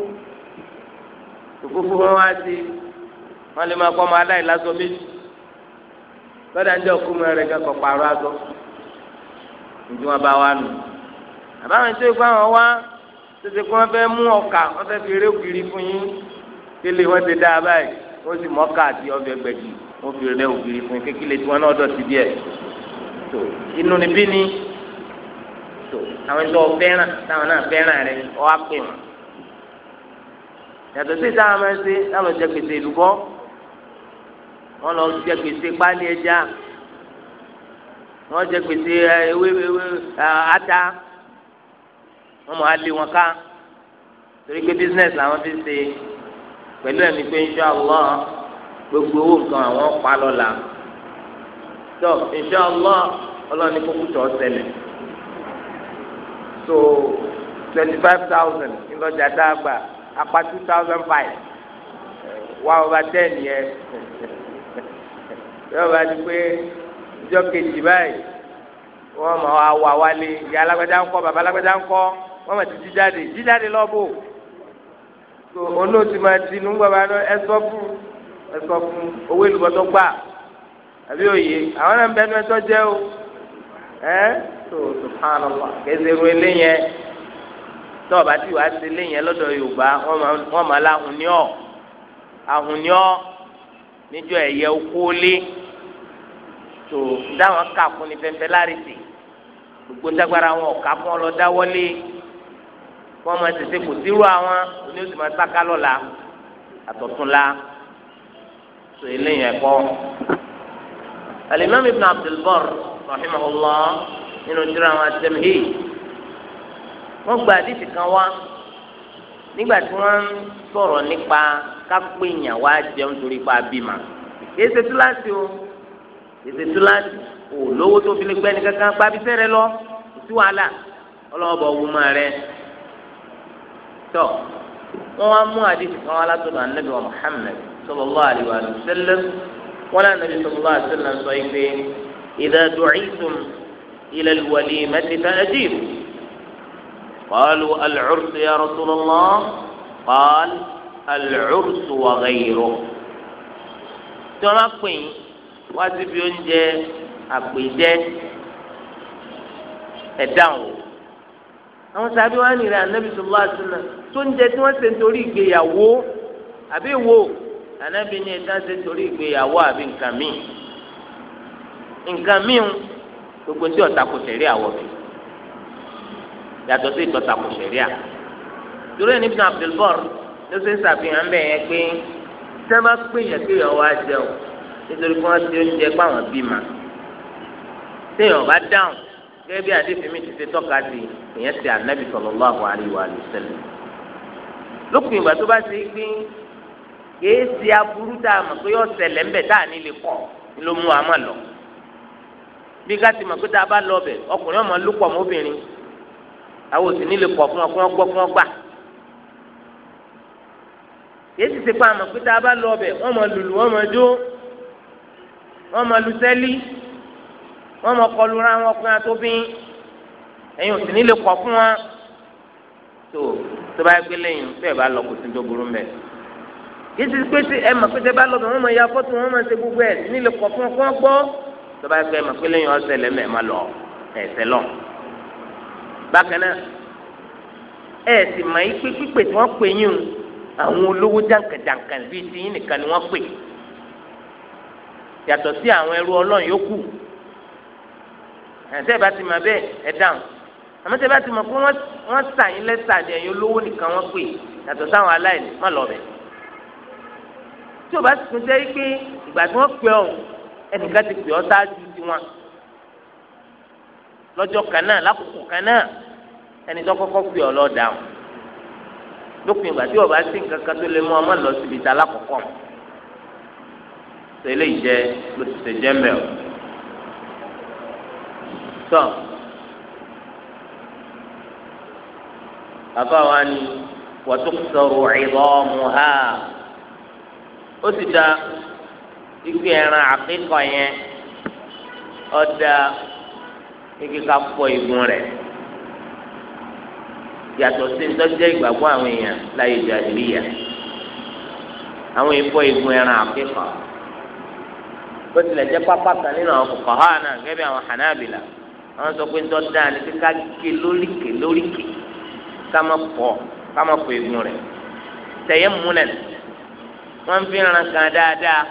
òfófó wọn wá sí wọn lè máa kọ ọmọ aláìlásọ méjì lọ́dà ń jẹ́ òkú mi rẹ̀ kẹ́kọ̀ọ́ pààrọ̀ aṣọ ìdí wọn bá wa nù. àbáwọn tó ikú àwọn wá tètè kí wọ́n fẹ́ mú ọkà wọ́n fẹ́ fi eré ògiri fún yín kí lè wọ́n ti dá a báyìí ó sì mọ́kà àti ọbẹ̀ gbẹ̀gì wọ́n fi rẹ ògiri fún kékeré tí wọ́n náà dọ̀tí díẹ̀ tó inú ni bí ni tó àwọn tó fẹ́ràn táwọn náà fẹ́ràn rẹ ọ á pè wọ́n yàtọ̀ sí táwọn máa ń ṣe táwọn jẹ gbèsè ìlúbọ́ wọ́n lọ jẹ gbèsè pálí ẹja wọ́n jẹ gbèsè ewé ewé ata wọ́n mọ̀ á lé wọn ká torí pé bísínẹ́sì làwọn fi ń ṣe pẹ̀lú ẹni pé inṣàlọ́ gbogbo owó nǹkan àwọn pa lọ́la tó inṣàlọ́ ọlọ́ni kókó tó so twenty five thousand ńlọjà dáàgbà apá two thousand five wá ọba ten yẹn yóò bá di pé ìjọ kejì báyìí wọ́n mọ̀ wá wá wálé ìyá alágbádá ńkọ́ bàbá alágbádá ńkọ́ wọ́n mọ̀ ti jíjáde jíjáde lọ́bù tó olóòtú máa ti nu bàbá lọ ẹsọ fún ẹsọ fún owó ìlú bọ́tọ̀ gbà àbí òye àwọn náà ń bẹnu ẹsọ jẹ o ẹ tó subhanallah kẹsẹ ru eléyẹn tó ọba tí wàá ti eléyẹn lọ́dọ̀ Yorùbá wọn máa la ahùn ní ọ ahùn ní ọ níjọ ẹyẹ okóólé tó dáwọn kà fún ní fẹfẹ lárí sí gbogbo dágbára wọn ọ̀ka fún ọ lọ dáwọ́lé wọ́n máa tètè kò sírú àwọn oní oṣù máa sáká lọ́la àtọ̀túnla sọ eléyìí ẹ̀kọ́. alimami ibn abdulbar rahimahullah nínú tírà àwọn atẹ́mìhì wọ́n gba àdìsí kan wá nígbà tí wọ́n ń nípa kápẹ́ èèyàn wá jẹun torí pa bímà kìí túláàsì o kìí túláàsì o lówó tó fi lè gbẹ́ni kankan pàbí sẹ́rẹ̀ lọ sí wàhálà ọlọ́wọ́ bọ̀ wúmọ́ rẹ̀ tọ́ wọ́n wá mú àdìsí kan wá látọ̀dọ̀ ànábì wa Muhammad sallallahu alaihi wa sallam wọ́n lé ànábì sallallahu alaihi wa sallam sọ yìí pé idha du'itum ila al-walimati fa'ajibu qalu al-'ursu ya Rasulullah qala al wa ghayruhu tí wọ́n bá pè wá síbi oúnjẹ àpèjẹ ẹ̀dáhùn àwọn sábẹ́ wa nìyẹn anabi sọlá àtúnà tó ń jẹ tí wọ́n ṣe nítorí ìgbéyàwó àbí wo anabi ní ẹ̀dá ṣe nítorí ìgbéyàwó àbí nǹkan míì nǹkan míì gbogbo tí ọ̀tà kò sẹ̀rí àwọ̀ mi yàtọ̀ sí ìtọ́ta kò sẹ̀rí à torí ẹni bíi abdulbar ló ṣe ń ṣàfihàn bẹ́ẹ̀ yẹn pé sábà péyàn kéèyàn wá jẹun nítorí kí wọ́n ti oúnjẹ pàwọn bímọ téèyàn bá dáhùn gẹ́gẹ́ bí àdéhùn mi ti ṣe tọ́ka sí ìyẹn ti ànábì sallallahu alaihi wa sallam lókùn ìgbà tó bá ṣe é pín kìí ṣe aburú tá a mọ̀ pé yọ ṣẹlẹ̀ ńbẹ̀ tá a ní lè kọ̀ ló mú àmọ́ lọ bí ká ti mọ̀ pé tá a bá lọ ọbẹ̀ ọkùnrin ọmọ ló pọ̀ mọ́bìnrin àwọn òsì ní lè kọ̀ fún ọkùnrin ọgbọ́ fún ọgbà kìí sì ṣe pé a mọ̀ pé tá a bá lọ ọbẹ̀ wọ́n mọ̀ lùlù wọ́n mọ̀ wọ́n mọ kọlu ra wọn ọkùnrin àtòbín ẹ̀yin òsì nílé kọ fún wọn tó tó bá gbé lẹ́yìn tó ẹ bá lọ kó sinjó burú mbẹ kí ti pé tí ẹ mọ pé tẹ bá lọ bẹ wọ́n mọ ya fọ́tò wọ́n mọ ṣe gbogbo ẹ nílé kọ fún wọn kó wọn gbọ́ tó bá gbé ẹ mọ pé lẹ́yìn ọsẹ lẹmẹ má lọ ẹsẹ lọ bákan ẹ sì mọ ikpe pípé tí wọ́n pè yín o àwọn olówó jàǹkàjàǹkà bíi tiyín nìkan ni wọ́n pè yàtọ̀ sí àwọn ẹrú Ọlọ́run yòókù ẹ̀sẹ̀ bá ti mọ̀ bẹ́ẹ̀ ẹ̀ dáhùn àmọ́ tẹ́ bá ti mọ̀ pé wọ́n sà yín lẹ́sà ni ẹ̀yin olówó nìkan wọ́n pè yàtọ̀ sáwọn aláìní má lọ bẹ̀. tí o bá ti pín sẹ́yìn pé ìgbà tí wọ́n pè ọ́ ẹnìkan ti pè ọ́ sáájú tiwọn lọ́jọ́ kan náà lákòókò kan náà ẹni tó kọ́kọ́ pè ọ́ lọ dáhùn lópin ìgbà tí o bá sí nǹkan kan tó lè mú ọ má lọ síbi ta lákòókò tẹ́lẹ̀ ìjẹ́ lóṣìṣẹ́ jẹ́ mẹ́ọ̀ tán bàbá wa ni wàtúkùsọ̀rọ̀ ìlọ́ọ̀mù ha ó sì dá ikú ẹran àkíkọ yẹn ọ̀dà kíkà pọ̀ igun rẹ̀ yàtọ̀ sí ní tọ́jú ìgbàgbọ́ àwọn èèyàn láyé jàdìríyà àwọn ìbọ̀ igun ẹran àkíkọ bó tilẹ̀ jẹ́ pápá kan nínú àwọn kòkòrò gẹ́gẹ́ bí àwọn hànábìlà àwọn sọ pé ń dọ́dá ni pé ká gé lóríkè lóríkè ká má pọ̀ ká má pọ̀ egun rẹ̀ tẹ̀yẹ́ múlẹ̀ wọ́n fi ràn kan dáadáa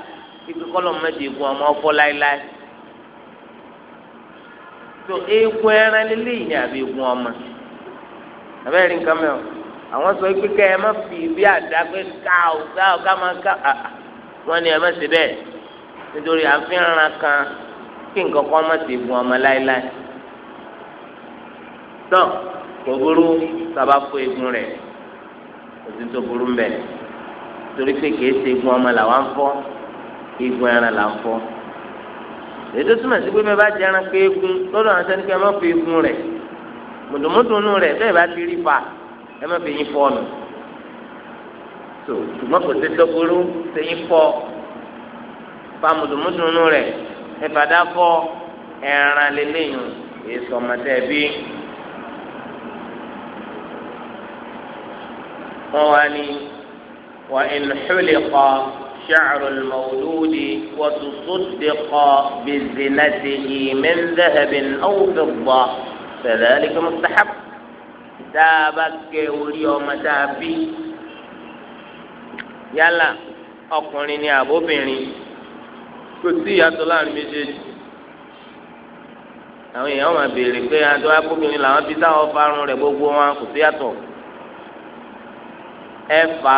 kíkọ́ kọ́lọ́ mẹ́tì egun ọmọ ọ̀fọ́ láéláé tó egun ẹran lélẹ́yìn ni àbí egun ọmọ abẹ́rẹ́ nǹkan mẹ́wọ̀ àwọn sọ pé kẹ́ ẹ má fi bí àdá pé ká o ká o ká máa ká ah, ah. wọ́n ní ẹ má ṣe bẹ́ẹ̀ nítorí àfihàn kan kí nǹkan kan má egun ọmọ láéláé tán kò burú sábà fún egun rẹ̀ òtún tó burú mbẹ torí pé kìí ṣe egun ọmọ là wà ń fọ́ egun ẹran là ń fọ́ ètò túmọ̀ sí pé bẹ́ẹ̀ bá jẹ ẹran pé egun lọ́dọ̀ àwọn sẹ́ni pé ẹ má fi egun rẹ̀ mùtùmùtùnú rẹ̀ bẹ́ẹ̀ bá ti rí fa ẹ má fi yín fọ́ ọ̀nà tó ṣùgbọ́n kò sí tó burú ṣe yín fọ́ fa mùtùmùtùnú rẹ̀ ẹ fàdá fọ́ ẹran lélẹ́yìn èso ọmọdé bíi. wọ́n wá ní wà ìlúxulikọ شعر المولود وتصدق بزنته من ذهب أو فضة فذلك مستحب tá a bá gé orí ọmọ tá a bí yálà ọkùnrin ni àbóbìnrin kò sí ìyàtọ̀ láàrin méjèèjì àwọn èèyàn máa béèrè pé àti abóbìnrin làwọn bí táwọn fárun rẹ̀ gbogbo wọn kò sí ìyàtọ̀ ẹ fa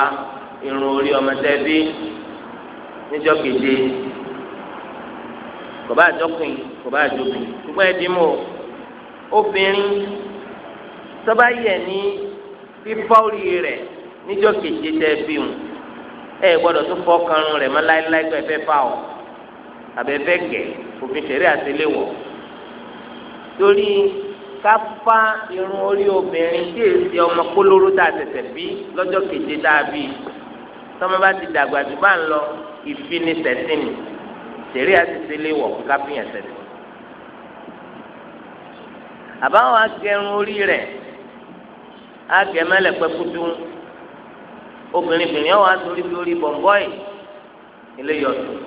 irun orí ọmọ tẹ bí níjọ́ keje kò bá àjọkùn kò bá àjọkùn ṣùgbọ́n ẹ dìímọ̀ obìnrin tọ́ba yẹ ní fífá orí rẹ̀ níjọ́ keje tẹ bí wọn ẹ gbọ́dọ̀ tó fọ́ karùn-ún rẹ̀ láéláé pé ẹ fẹ́ fà ọ́ àbẹ̀fẹ́ gẹ̀ òfin ṣẹ̀rí àtẹlẹ́wọ̀ torí ká fá irun orí obìnrin tí èsì ọmọ kólóró tá a tẹ̀tẹ̀ bí lọ́jọ́ keje tá a bí tọ́mọ bá ti dàgbà jù bá ń lọ ìfinisẹ̀sìn ni tẹ̀rí àti tẹ̀lé wọ̀ ká fi hàn sẹ̀sìn. àbáwọn agẹrun orí rẹ̀ agẹmẹ́lẹ̀ pẹ́kútú obìnrin bìnrin ọ̀ wá sórí lórí bọ̀m̀bọ́ì ilé yọ̀tún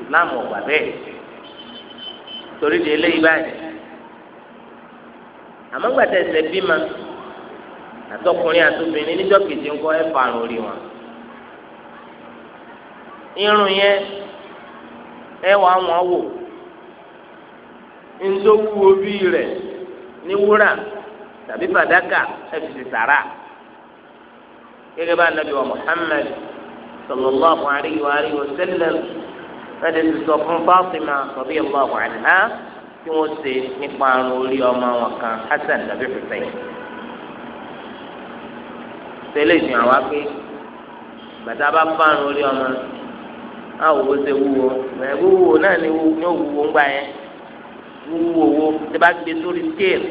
Islam ọ̀gbà bẹ́ẹ̀ torí de eléyìí báyìí àmọ́ gbàtà ẹsẹ̀ bímọ àtọkùnrin àtobìnrin níjọ́ kejì ń kọ́ ẹ fàrùn orí wọn. irun yẹn ẹ wàá wọn wò ntòwú orí rẹ̀ ní wúrà tàbí fàdákà ẹ fi sì sàrà gẹ́gẹ́ bá nàbí wa Muhammad sallallahu alayhi wa sallam ẹ ti sọ fún Fatima radiyallahu anha tí wọ́n ṣe nípa àrùn orí ọmọ wọn kan Hasan tàbí Hussein tẹ́lẹ̀ ìsìn àwa pé bàtà bá bá àrùn orí ọmọ àwòwò ṣe wúwo ẹ wúwo náà ni yóò wúwo ńgbà yẹn wúwo wo tí bá gbé sórí scale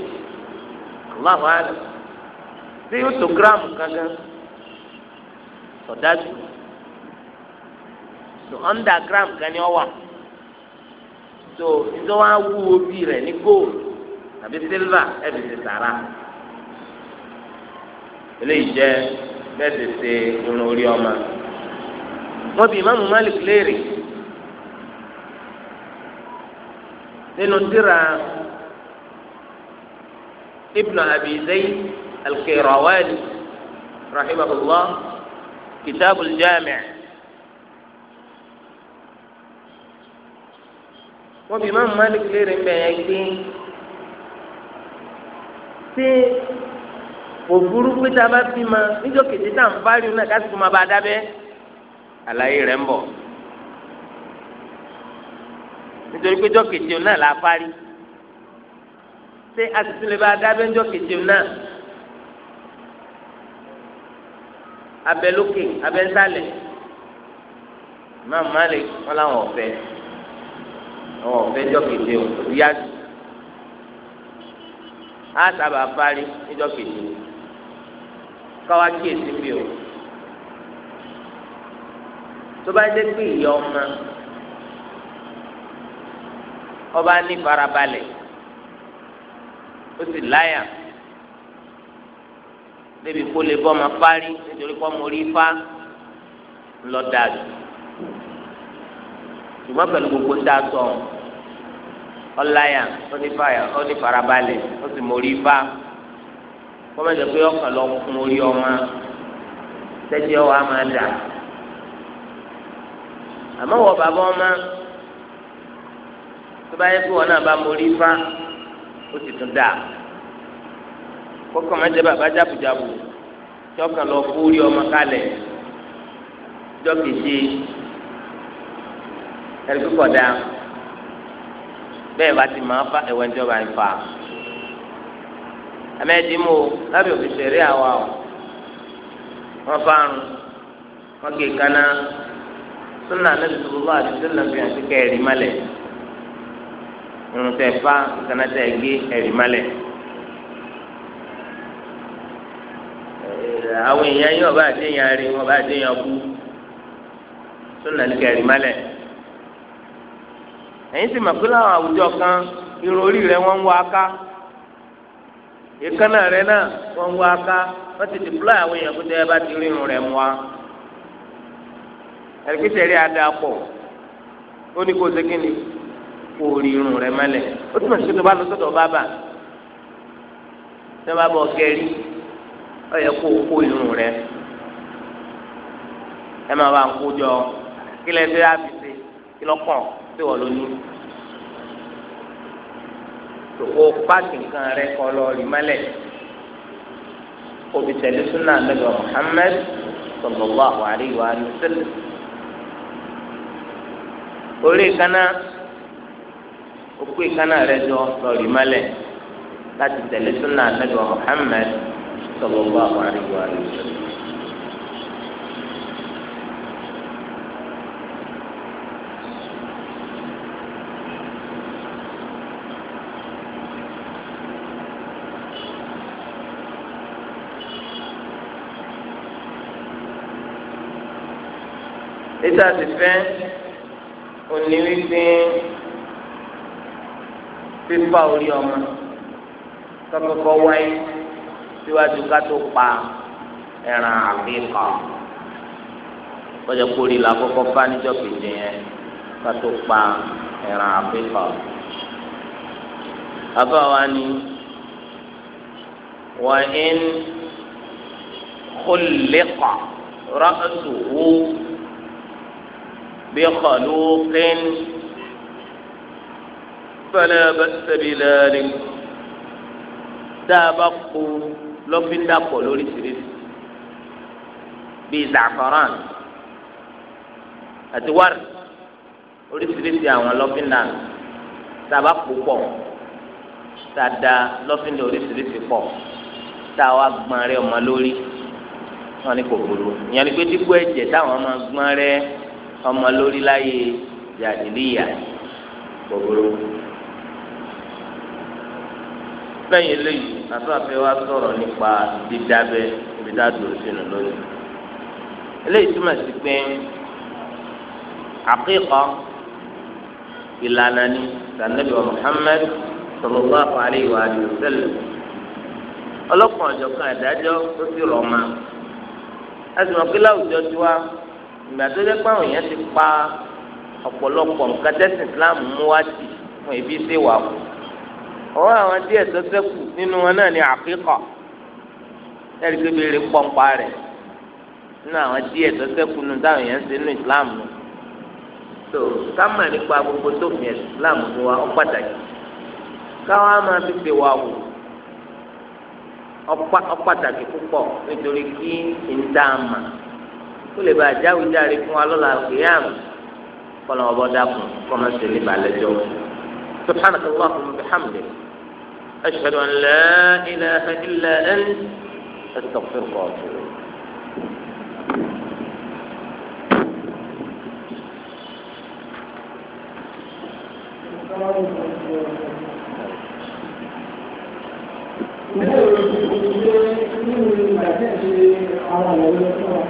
Allahu alam tí yóò tó gíráàmù kankan sọdájú so under gram kan ni ọ wà. So, tó nítorí wọn á wú obì rẹ̀ ní gold tàbí silver ẹbí ti sàrà eléyìí jẹ bẹ́ẹ̀ ti ṣe irun orí ọmọ wọn bí ìmáàmù Malik léèrè nínú tírà ibnu abi zayd rahimahullah kitabul jami'. wọ́n bí Imam Malik léèrè ń bẹ̀ yẹn gbé ṣé òfurú pé tá a bá bí ma níjọ́ kejì tá à ń fáríw náà kásìkò máa bá a dábẹ́ àlàyé rẹ̀ ń bọ̀ nítorí pé jọ́ kejì náà là á fárí ṣé a sì tún lè bá a dábẹ́ níjọ́ kejì náà abẹ lókè abẹ nsàlẹ̀ Imam Malik wọn ọ̀fẹ́ àwọn ọ̀fẹ́jọ́ kejì o kò yá jù á sábà parí níjọ́ kejì káwá kíyèsí bí o tó bá dé pé ìyá ọmọ ọba ní farabalẹ̀ ó sì láyà débi kó lè bọ́ ọmọ parí nítorí kó ọmọ orí fá ńlọ dáa ṣùgbọ́n pẹ̀lú gbogbo ń dáàtọ̀ ọláyà onífàyà onífarabalẹ̀ ó sì mórí bá kọ́mẹ́jọ pé ọkàn lọ fún orí ọmọ tẹ́tí ọwọ́ á máa dà àmọ́ wọ bàbá ọmọ tó bá yẹ kó wọn náà bá mórí bá ó sì tún dà kọ́kọ́ mẹ́jẹ bàbá jábùjábù tí ọkàn lọ fún orí ọmọ kalẹ̀ jọ́kèjì ẹni pípọ̀ dá bẹ́ẹ̀ bá ti máa fa ẹ̀wẹ̀ ìjọba ń fa amẹ́ẹ̀dì mú o lábẹ́ òfin ṣẹ̀rí àwa o wọ́n fárun wọ́n gé kaná sunna anabi sallallahu alaihi wasallam fi hàn sí ká ẹ̀rí malẹ̀ ìrùntẹ̀ fa kaná tẹ̀ gé ẹ̀rí malẹ̀ àwọn èèyàn yìí wọ́n bá dé yàn rí wọ́n bá dé yàn kú sunna ní ká ẹ̀rí malẹ̀ ẹ̀yin sì mọ̀ pé láwọn àwùjọ kan ìròrí rẹ̀ wọ́n ń wá ká ìkànnà rẹ̀ náà wọ́n ń wá ká wọ́n ti dìpúlọ̀ àwọn èèyàn kó tẹ́ ẹ bá ti rírun rẹ̀ mú wa ẹ̀rẹ́pẹ̀tẹ̀ rí adakọ̀ ó ní kó o ṣe kí ni kó o rí irun rẹ̀ mọ́lẹ̀ ó túmọ̀ sí pé tó bá lọ sọ́dọ̀ bábà tó bá bọ̀ gẹ́rí ó yẹ kó o kó irun rẹ̀ ẹ máa bá ń kó jọ kí lẹ́sẹ̀ á fi ṣe kí lọ́kàn. tí wọ́n lò ní. Tòkó pààkì nǹkan rẹ kọ́ lọ rí mẹ́lẹ̀. Obì tẹ̀lé súnà lẹ́gbẹ̀ẹ́ Mùhàmmẹ́d sallallahu alaihi wa sallam. Orí kaná òkú ìkaná rẹ jọ lọ rí láti tẹ̀lé tá a ti fẹ́ òní wípé pípa orí ọmọ kọ́kọ́kọ́ wáyé síwájú ká tó pa ẹran àbíkọ kọjá kórì la kọ́kọ́ bá níjọ́ kejì yẹn ká tó pa ẹran àbíkọ. bàbá wa ni wọ́n ń kó lẹ́kọ̀ọ́ rọ́ọ̀tù wó. بخلوق فلا بأس بذلك تابقوا lọ fi ń dàpọ̀ lóríṣiríṣi bíi zafaran àti wari oríṣiríṣi àwọn lọ́fíńdà tàbá púpọ̀ tàdá lọ́fíńdà oríṣiríṣi pọ̀ táwa gbọ́n rẹ ọmọ lórí wọn ni kò burú ìyẹn ni pé dípò ẹ̀jẹ̀ táwọn máa gbọ́n rẹ ọmọ lórí láyé yàdìlíyà gbogbo. lẹ́yìn eléyìí àtúwàfẹ́ wa sọ̀rọ̀ nípa dídábẹ́ ibi tá a dúró sínú lónìí. eléyìí túmọ̀ sí pé àkíkọ́ ìlànà ni sànẹ́bí wa Muhammad sallallahu alaihi wa sallam ọlọ́kùnrin ọ̀jọ̀kan àdájọ́ ó sì rọ̀ ma. a sì mọ̀ pé láwùjọ ìgbà tó dé pé àwọn èèyàn ti pa ọ̀pọ̀lọpọ̀ nǹkan tẹ́sí Islam mú wá sí fún ibi ṣe wà kù ọwọ́ àwọn díẹ̀ tó ṣẹ́kù nínú wọn náà ni àkíkà ẹ̀rí pé béèrè pọ́ńpá rẹ̀ nínú àwọn díẹ̀ tó ṣẹ́kù nínú táwọn èèyàn ṣe nínú Islam nù tó kámà nípa gbogbo tó fi Islam fún wa ó pàtàkì káwọn á máa fi ṣe wà wù ó pàtàkì púpọ̀ nítorí kí n dá kó lè bá àjáwìjáre fún wa lọ́la àlùkìyàm kọ́nà ọ̀bọ dákun kọ́mọ sí ní balẹ̀jọ́ subhanaka allahumma bihamdik ashhadu an la ilaha illa ant astaghfiruka wa atubu ilayk Ìgbésẹ̀ òṣèlú ṣe nínú ìgbà tí ẹ̀ ṣe àwọn àlàyé ọ̀ṣọ́ wa.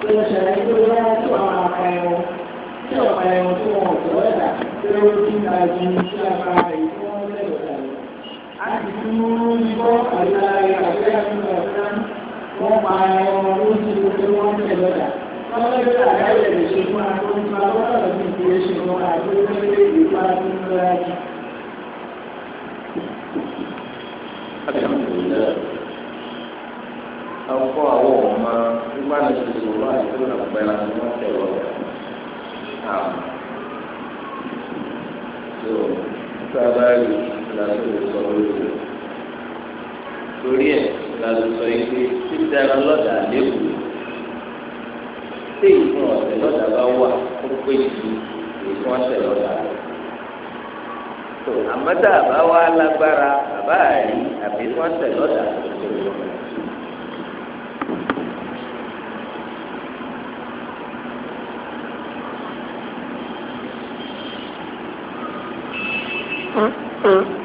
tí wọ́n ṣàlàyé pé wọ́n á tó àwọn àpá ẹ̀wọ̀n tí ọ̀pá ẹ̀wọ̀n tó wọn ọ̀tọ̀ ẹ̀dà pé ó ti ń ta ju iṣẹ́ apá ìfún wọn lẹ́yọ̀ dànù. a ti tún yíkọ́ àlàyé àgbẹ̀ àtúntò ọ̀sán wọ́n pa ẹ̀wọ̀n ló ti ń pé wọ́n tẹ̀ lọ́dà. wọ́n lọ́dọ̀ àgbáyé lè Àwọn ọmọ nígbà sallallahu alaihi wasallam pẹ̀lú àwọn ọmọ tẹ̀wọ́ àwọn. tó sábà rí lásìkò sọ lórí rẹ̀ torí ẹ̀ lásìkò sọ yìí pé títí ara lọ́dà lẹ́kùn tí ìfún ọ̀sẹ̀ lọ́dà bá wà ó pé ju ìfún ọ̀sẹ̀ lọ́dà rẹ̀ àmọ́ tá lágbára bàbá àrí àbí wọ́n tẹ̀ lọ́dà tó tó lọ́dà. person